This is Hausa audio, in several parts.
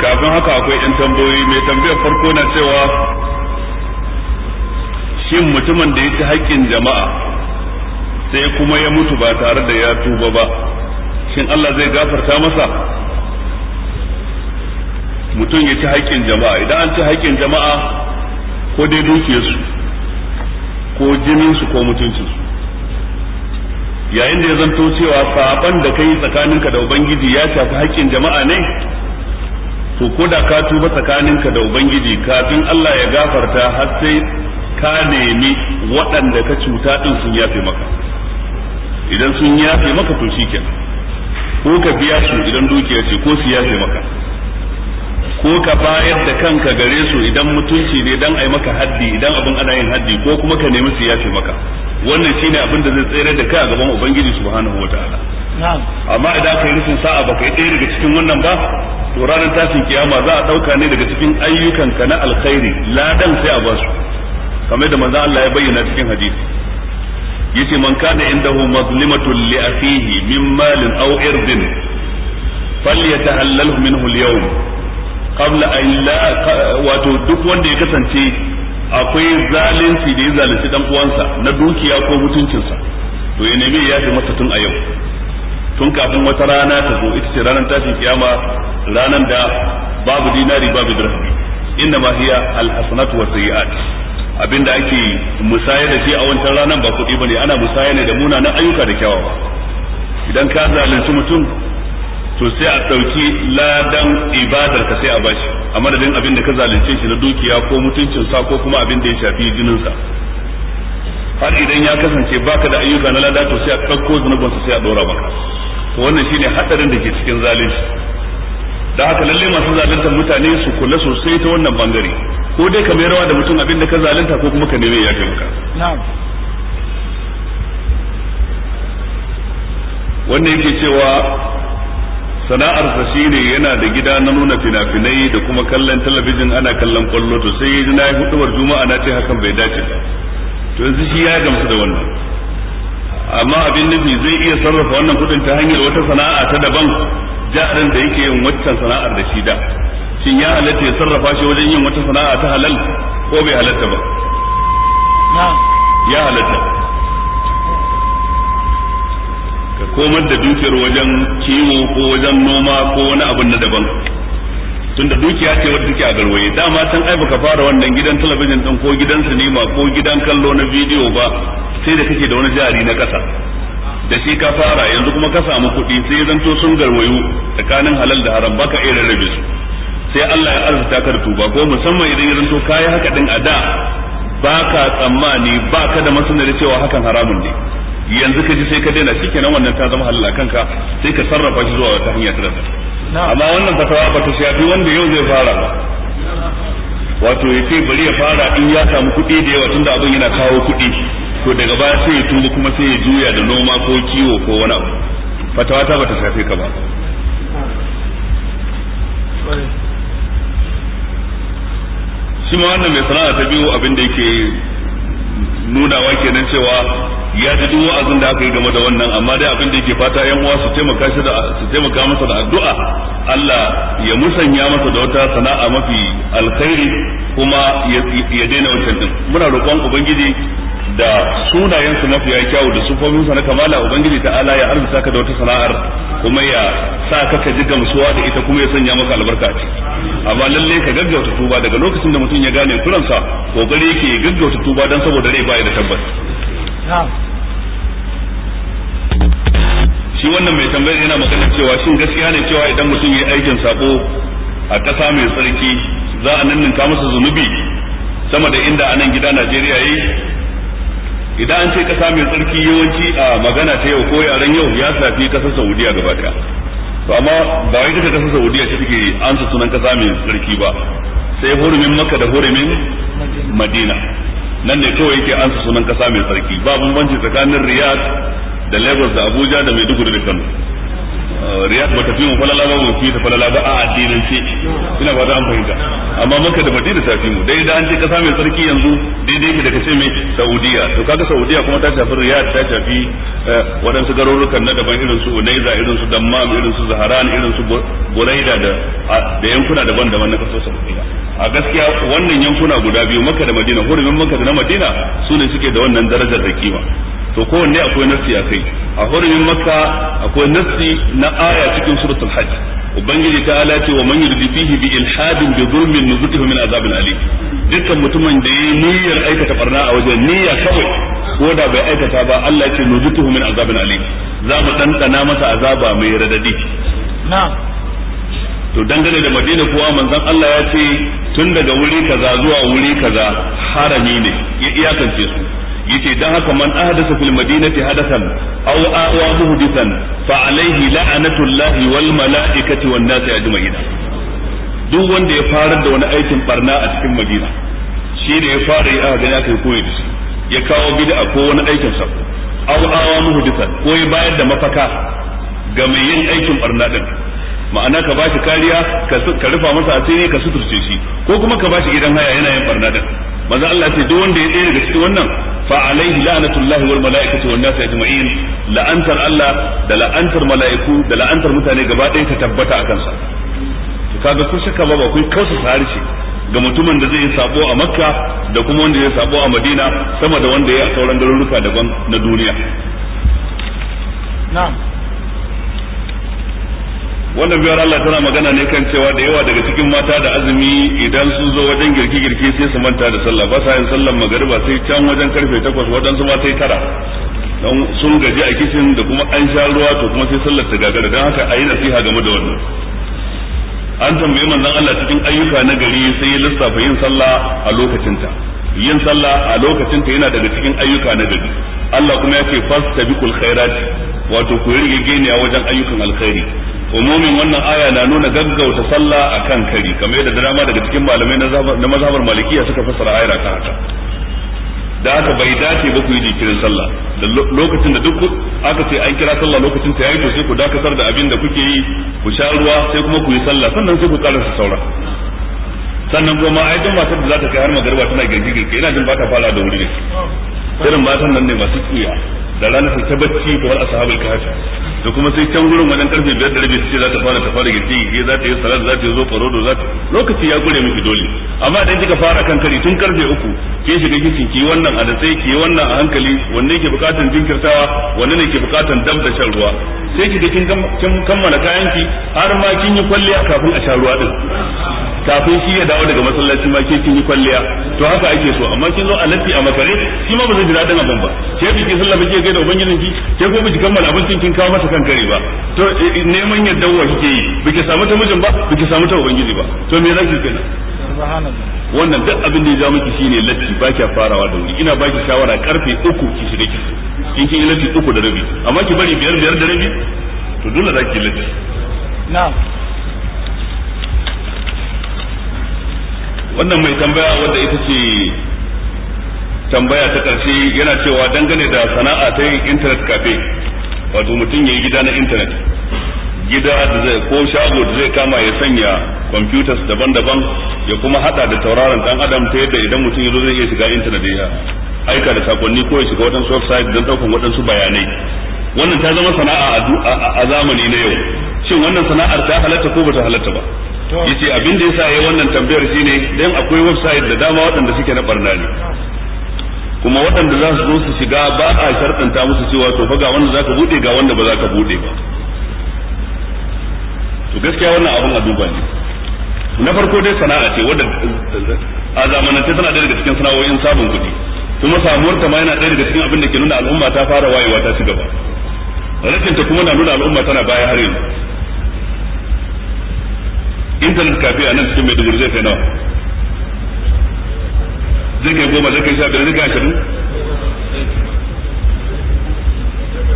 kafin haka akwai yan tambayoyi mai tambayar farko na cewa shin mutumin da ya ci haƙƙin jama'a sai kuma ya mutu ba tare da ya tuba ba shin Allah zai gafarta masa mutum ya ci haƙƙin jama'a idan an ci haƙƙin jama'a ko dai dukiyarsu ko jininsu ko mutuncinsu yayin da ya zanto cewa saban da kai tsakaninka da ubangiji ya shafi haƙƙin jama'a ne to ko da ka tuba tsakaninka da ubangiji kafin Allah ya gafarta har sai ka nemi waɗanda ka cuta din sun yafe maka idan sun yafe maka to shikenan ko ka biya su idan dukiya ce ko su yafe maka ko ka bayar da kanka gare su idan mutunci ne dan ai maka haddi idan abin ana yin haddi ko kuma ka nemi su yafe maka wannan shine abin da zai tsere da kai a gaban ubangiji subhanahu wataala amma idan aka yi rufin sa'a ba ka yi ɗaya daga cikin wannan ba to ranar tashin kiyama za a ɗauka ne daga cikin ayyukan ka na alkhairi ladan sai a ba su kamar da manzo Allah ya bayyana cikin hadisi yace man kana indahu mazlimatu li akhihi min malin aw irdin falyatahallalhu minhu alyawm qabla an la wato duk wanda ya kasance akwai zalunci da ya zalunci dan uwansa na dukiya ko mutuncinsa to ya nemi ya yi masa tun a yau tun kafin wata rana ta zo ita ce ranar tashin kiyama ranar da babu dinari babu dirham inna ma hiya alhasanatu wa sayyi'at abinda ake musaya da shi a wancan ranar ba kuɗi bane ana musaya ne da munanan ayyuka da kyawawa idan ka zalunci mutum to sai a ɗauki ladan ibadar ka sai a bashi a madadin abin da ka zalunce shi na dukiya ko mutuncin sa ko kuma abin da ya shafi jinin sa har idan ya kasance baka da ayyuka na lada to sai a ɗauko zunubansa sai a ɗora maka wannan shine hadarin da ke cikin zalunci da haka lalle masu zaluntar mutane su kula sosai ta wannan bangare ko dai ka mai rawa da mutum abin da ka zalunta ko kuma ka nemi ya kai maka wanda yake cewa sana'ar sa shine yana da gida na nuna fina-finai da kuma kallon talabijin ana kallon kwallo to sai na yi hudubar juma'a na ce hakan bai dace ba to yanzu shi ya gamsu da wannan amma abin nufi zai iya sarrafa wannan kudin ta hanyar wata sana'a ta daban jarin da yake yin waccan sana'ar da shi da shin ya halatta ya sarrafa shi wajen yin wata sana'a ta halal ko bai halatta ba ya halatta ka komar da dukiyar wajen kiwo ko wajen noma ko wani abin na daban da dukiya ce wadda take a garwaye dama can ai baka fara wannan gidan talabijin din ko gidan sinima ko gidan kallo na bidiyo ba sai da kake da wani jari na kasa da shi ka fara yanzu kuma ka samu kuɗi sai zanto sun garwayo tsakanin halal da haram baka iya rarrabe su sai Allah ya arzuta ka da tuba ko musamman idan ya zanto kayi haka din a da baka tsammani baka da masanar cewa hakan haramun ne yanzu ka ji sai ka daina shikenan wannan ta zama halal kanka sai ka sarrafa shi zuwa wata hanya ta daban amma wannan fatawa ba ta shafi wanda yau zai fara ba wato ya ce bari ya fara in ya samu kuɗi da yawa tunda abin yana kawo kuɗi to daga baya sai ya tuba kuma sai ya juya da noma ko kiwo ko wani abu fatawa ta bata shafe ka ba shi ma wannan mai sana'a ta biyu abin da yake nunawa kenan cewa ya ji duk wa'azin da aka yi game da wannan amma dai abin da yake fata yan uwa su taimaka shi da su taimaka masa da addu'a Allah ya musanya masa da wata sana'a mafi alkhairi kuma ya daina wancan din muna roƙon ubangiji da sunayensu mafiya kyawu da sufofinsa na kamala ubangiji ta'ala ya arzuta ka da wata sana'ar kuma ya sa ka ka ji gamsuwa da ita kuma ya sanya maka albarka a amma lalle ka gaggauta tuba daga lokacin da mutum ya gane kuransa kokari yake gaggauta tuba dan saboda rai baya da tabbas shi wannan mai tambayar yana magana cewa shin gaskiya ne cewa idan mutum ya aikin sako a ƙasa mai tsarki za a nan ninka masa zunubi sama da inda anan nan gida Najeriya yi idan an ce kasa mai tsarki yawanci a magana ta yau ko yaren yau ya safi kasar saudiya gaba daya to amma ba wai duka kasar saudiya ta take ansa sunan kasa mai tsarki ba sai hurumin makka da hurumin madina nan ne kawai yake ansa sunan kasa mai tsarki ba bambanci tsakanin riyadh da lagos da abuja da maiduguri da kano riyad ba ta fi mu falala ba mu fi ta falala ba a addinin ce ina ba da an fahimta amma maka da madina ta fi mu dai da an ce kasa mai tsarki yanzu daidai ki da kace mai saudiya to kaga saudiya kuma ta shafi riyad ta shafi eh, waɗansu garurukan na daban irin su unaiza irin su dammam irin su zaharan irin su buraida da da yankuna daban-daban na kasar saudiya a gaskiya wannan yankuna guda biyu maka da madina hurumin maka da na madina su ne suke da wannan darajar da kima to kowanne akwai nassi a kai a hurumin makka akwai nassi na aya cikin suratul hajj ubangiji ta ala ce wa man yurdi fihi bi ilhadin bi zulmin nuzuqihu min azabin alim dukkan mutumin da yayi niyyar aikata barna a wajen niyya kawai ko da bai aikata ba Allah ya ce nuzuqihu min azabin alim za mu dandana masa azaba mai radadi na'am to dangane da madina kuwa manzon Allah ya ce tun daga wuri kaza zuwa wuri kaza harami ne ya iyakance su yace dan haka man ahdasa fil madinati hadathan aw awa muhdithan fa alaihi llahi wal mala'ikati wan nas ajma'in duk wanda ya fara da wani aikin barna a cikin madina shi ne ya fara ya ga yake koyi da shi ya kawo bid'a ko wani aikin sa aw awa muhdithan ko ya bayar da mafaka ga mai yin aikin barna din ma'ana ka bashi kariya ka rufa masa asiri ka suturce shi ko kuma ka bashi gidan haya yana yin barna din manzo Allah ce duk wanda ya tsere daga cikin wannan fa alaihi la'natullahi wal malaikatu wan nas ajma'in la'antar Allah da la'antar mala'iku da la'antar mutane gaba ɗaya ta tabbata akan sa kaga kun shaka ba kun kausa harshe ga mutumin da zai sabo a Makka da kuma wanda zai sabo a Madina sama da wanda ya a sauran garuruka daban na duniya na'am wannan biyar Allah tana magana ne kan cewa da yawa daga cikin mata da azumi idan sun zo wajen girki-girki sai su manta da sallah ba sa yin sallah magariba sai can wajen karfe takwas waɗansu ma sai tara don sun gaji a kishin da kuma an sha ruwa to kuma sai sallar ta gagara don haka a yi nasiha game da wannan an tambayi manzon Allah cikin ayyuka na gari sai ya lissafa yin sallah a lokacinta yin sallah a lokacinta yana daga cikin ayyuka na gari Allah kuma ya ce fastabiqul khairat wato ku rige geniya wajen ayyukan alkhairi umumin wannan aya na nuna gaggauta sallah akan kari kamar yadda da dama daga cikin malamai na mazhabar malikiya suka fassara ayar ta haka da aka bai dace ba ku yi jikirin sallah da lokacin da duk aka ce an kira sallah lokacin ta yayi to sai ku dakatar da abin da kuke yi ku sha ruwa sai kuma ku yi sallah sannan sai ku karasa saura sannan kuma ma aidan matar da za ta kai har magariba tana girgi girgi ina jin ba ta fara da wuri ne irin matan nan ne masu tsiya da ranar ta bacci kamar ashabul kafi da kuma sai can gurin wajen karfe biyar da rabi ce za ta fara ta fara girki ke za ta yi salat za ta yi zo farodo za ta lokaci ya gure miki dole amma idan kika fara kan kari tun karfe uku ke shiga kicin ki wannan a sai ki wannan a hankali wanne ke bukatan jinkirtawa wanne ne ke bukatan dab da shan ruwa sai ki kin kin kammala kayan ki har ma kin yi kwalliya kafin a sha ruwa din kafin shi ya dawo daga masallaci ma ke kin yi kwalliya to haka ake so amma kin zo a latti a makare shi ma ba zai ji dadin abin ba ke biki sallah ba ke gaida ubangijin ki ke ko biki kammala abincin kin kawo masa kare ba to eh, eh, neman yadda wa kike yi biki samu ta mijin ba biki samu ta ubangiji ba to me zaki kenan wannan duk abin da ya ja miki shine latti ba kya farawa da wuri ina baki shawara karfe uku ki shiga ki kin kin latti uku da rabi amma ki bari biyar biyar da rabi to dole za ki latti na'am wannan mai tambaya wanda ita ce tambaya ta ƙarshe yana cewa dangane da sana'a ta yin internet cafe wato mutum ya yi gida na intanet gida da zai ko shago da zai kama ya sanya computers daban-daban ya kuma hada da tauraron dan adam ta yadda idan mutum ya zo zai iya shiga intanet ya aika da sakonni ko ya shiga waɗansu website don ɗaukan waɗansu bayanai wannan ta zama sana'a a zamani na yau shin wannan sana'ar ta halatta ko bata halatta ba yace abin da yasa yayi wannan tambayar shine dan akwai website da dama waɗanda suke na barna ne kuma waɗanda za su zo su shiga ba a shartanta musu cewa to fa ga wanda za ka bude ga wanda ba za ka bude ba to gaskiya wannan abin a duba ne na farko dai sana'a ce wadda a zamanance tana ɗaya daga cikin sana'o'in sabon kuɗi kuma samuwar ta ma yana ɗaya daga cikin abin da ke nuna al'umma ta fara wayewa ta ci gaba rashin ta kuma na nuna al'umma tana baya har yanzu intanet kafi a nan cikin maiduguri zai kai nawa zai kai goma zai kai sha biyar zai kai ashirin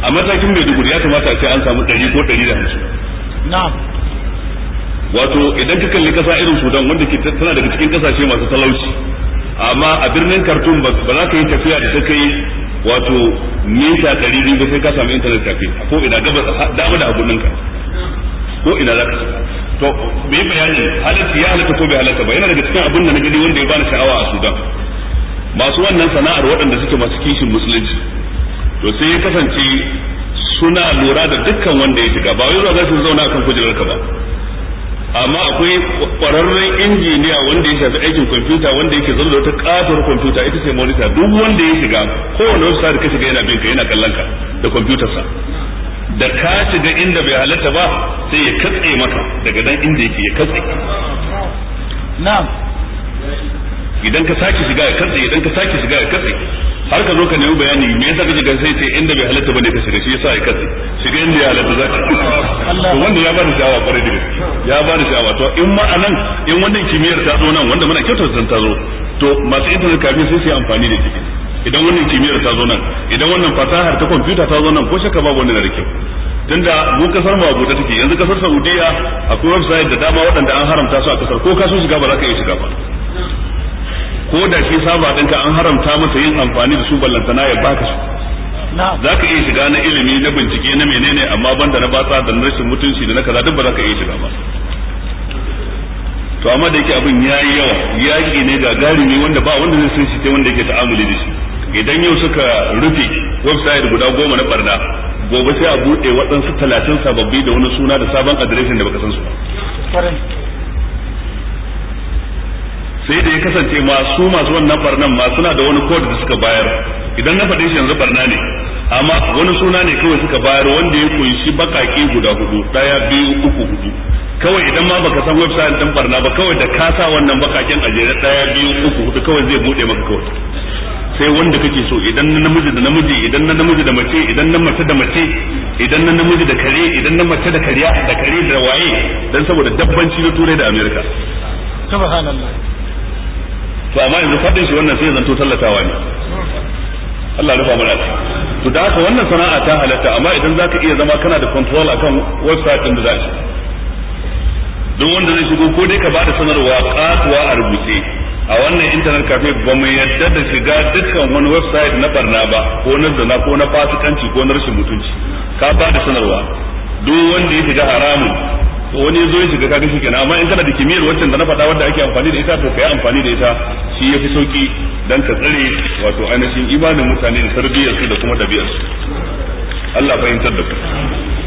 a matakin mai duguri ya kamata a ce an samu ɗari ko ɗari da hamsin wato idan ka kalli kasa irin sudan wanda ke tana daga cikin kasashe masu talauci amma a birnin khartoum ba za ka yi tafiya da ta kai wato mita ɗari biyu ba sai ka samu intanet tafi ko ina gaba dama da abun ninka ko ina za ka to me bayani halatta ya halatta ko bai halatta ba yana daga cikin abun da na gani wanda ya bani sha'awa a sudan masu wannan sana'ar waɗanda suke masu kishin musulunci to sai ya kasance suna lura da dukkan wanda ya shiga ba wai zuwa su zauna akan kujerar ka ba amma akwai kwararren injiniya wanda ya shafi aikin kwamfuta wanda yake zama da wata katuwar kwamfuta ita ce monita duk wanda ya shiga kowane wasu da ka shiga yana bin yana kallon ka da kwamfutarsa da ka shiga inda bai halatta ba sai ya katse maka daga nan inda yake ya katse na'am idan ka sake shiga ya katse idan ka sake shiga ya katse har ka zo ka nemi bayani me yasa kake gan sai ce inda bai halatta bane ka shiga shi yasa ya katse shiga inda ya halatta zaka to wanda ya bani sha'awa kwarai da gaske ya bani sha'awa to in ma anan in wannan kimiyyar ta zo nan wanda muna kyautata ta zo to masu internet kafin sai su yi amfani da shi idan wannan kimiyyar ta zo nan idan wannan fasahar ta kwamfuta ta zo nan ko shaka babu wanda da kyau tunda mu kasar mu abuta take yanzu kasar Saudiya akwai website da dama waɗanda an haramta su a kasar ko ka so shiga ba za ka iya shiga ba ko da shi saba dinka an haramta masa yin amfani da su ballantana ya baka su za ka iya shiga na ilimi na bincike na menene amma banda na batsa da na rashin mutunci da na kaza duk ba za ka iya shiga ba to amma da yake abin ya yi yawa yaki ne ga gagarumi wanda ba wanda zai san shi sai wanda yake ta'amuli da shi idan yau suka rufe website guda goma na barna gobe sai a buɗe waɗansu talatin sababbi da wani suna da sabon adireshin da baka san su ba sai da ya kasance masu masu wannan barnan ma suna da wani code da suka bayar idan na faɗi shi yanzu barna ne amma wani suna ne kawai suka bayar wanda ya kunshi bakaki guda hudu daya biyu uku hudu kawai idan ma baka san website din barna ba kawai da ka sa wannan bakakin a jere daya biyu uku hudu kawai zai bude maka kawai sai wanda kake so idan na namiji da namiji idan na namiji da mace idan na mace da mace idan na namiji da kare idan na mace da kariya da kare da waye dan saboda dabbanci na turai da amerika subhanallah to amma yanzu faɗin shi wannan sai zanto tallatawa ne Allah rufa mana to da haka wannan sana'a ta halatta amma idan zaka iya zama kana da control akan website din da zaka don wanda zai shigo ko dai ka ba bada sanarwa katuwa a rubuce a wannan internet cafe ba mu yadda da shiga dukkan wani website na barna ba ko na zana ko na fasikanci ko na rashin mutunci ka bada sanarwa duk wanda ya shiga haramun to wani ya zo ya shiga kaga shikenan amma in kana da kimiyyar wancan da na faɗa wanda ake amfani da ita to kai amfani da ita shi yafi sauki dan ka tsare wato ainihin imanin mutane da tarbiyyar su da kuma dabi'ar su Allah fahimtar da ku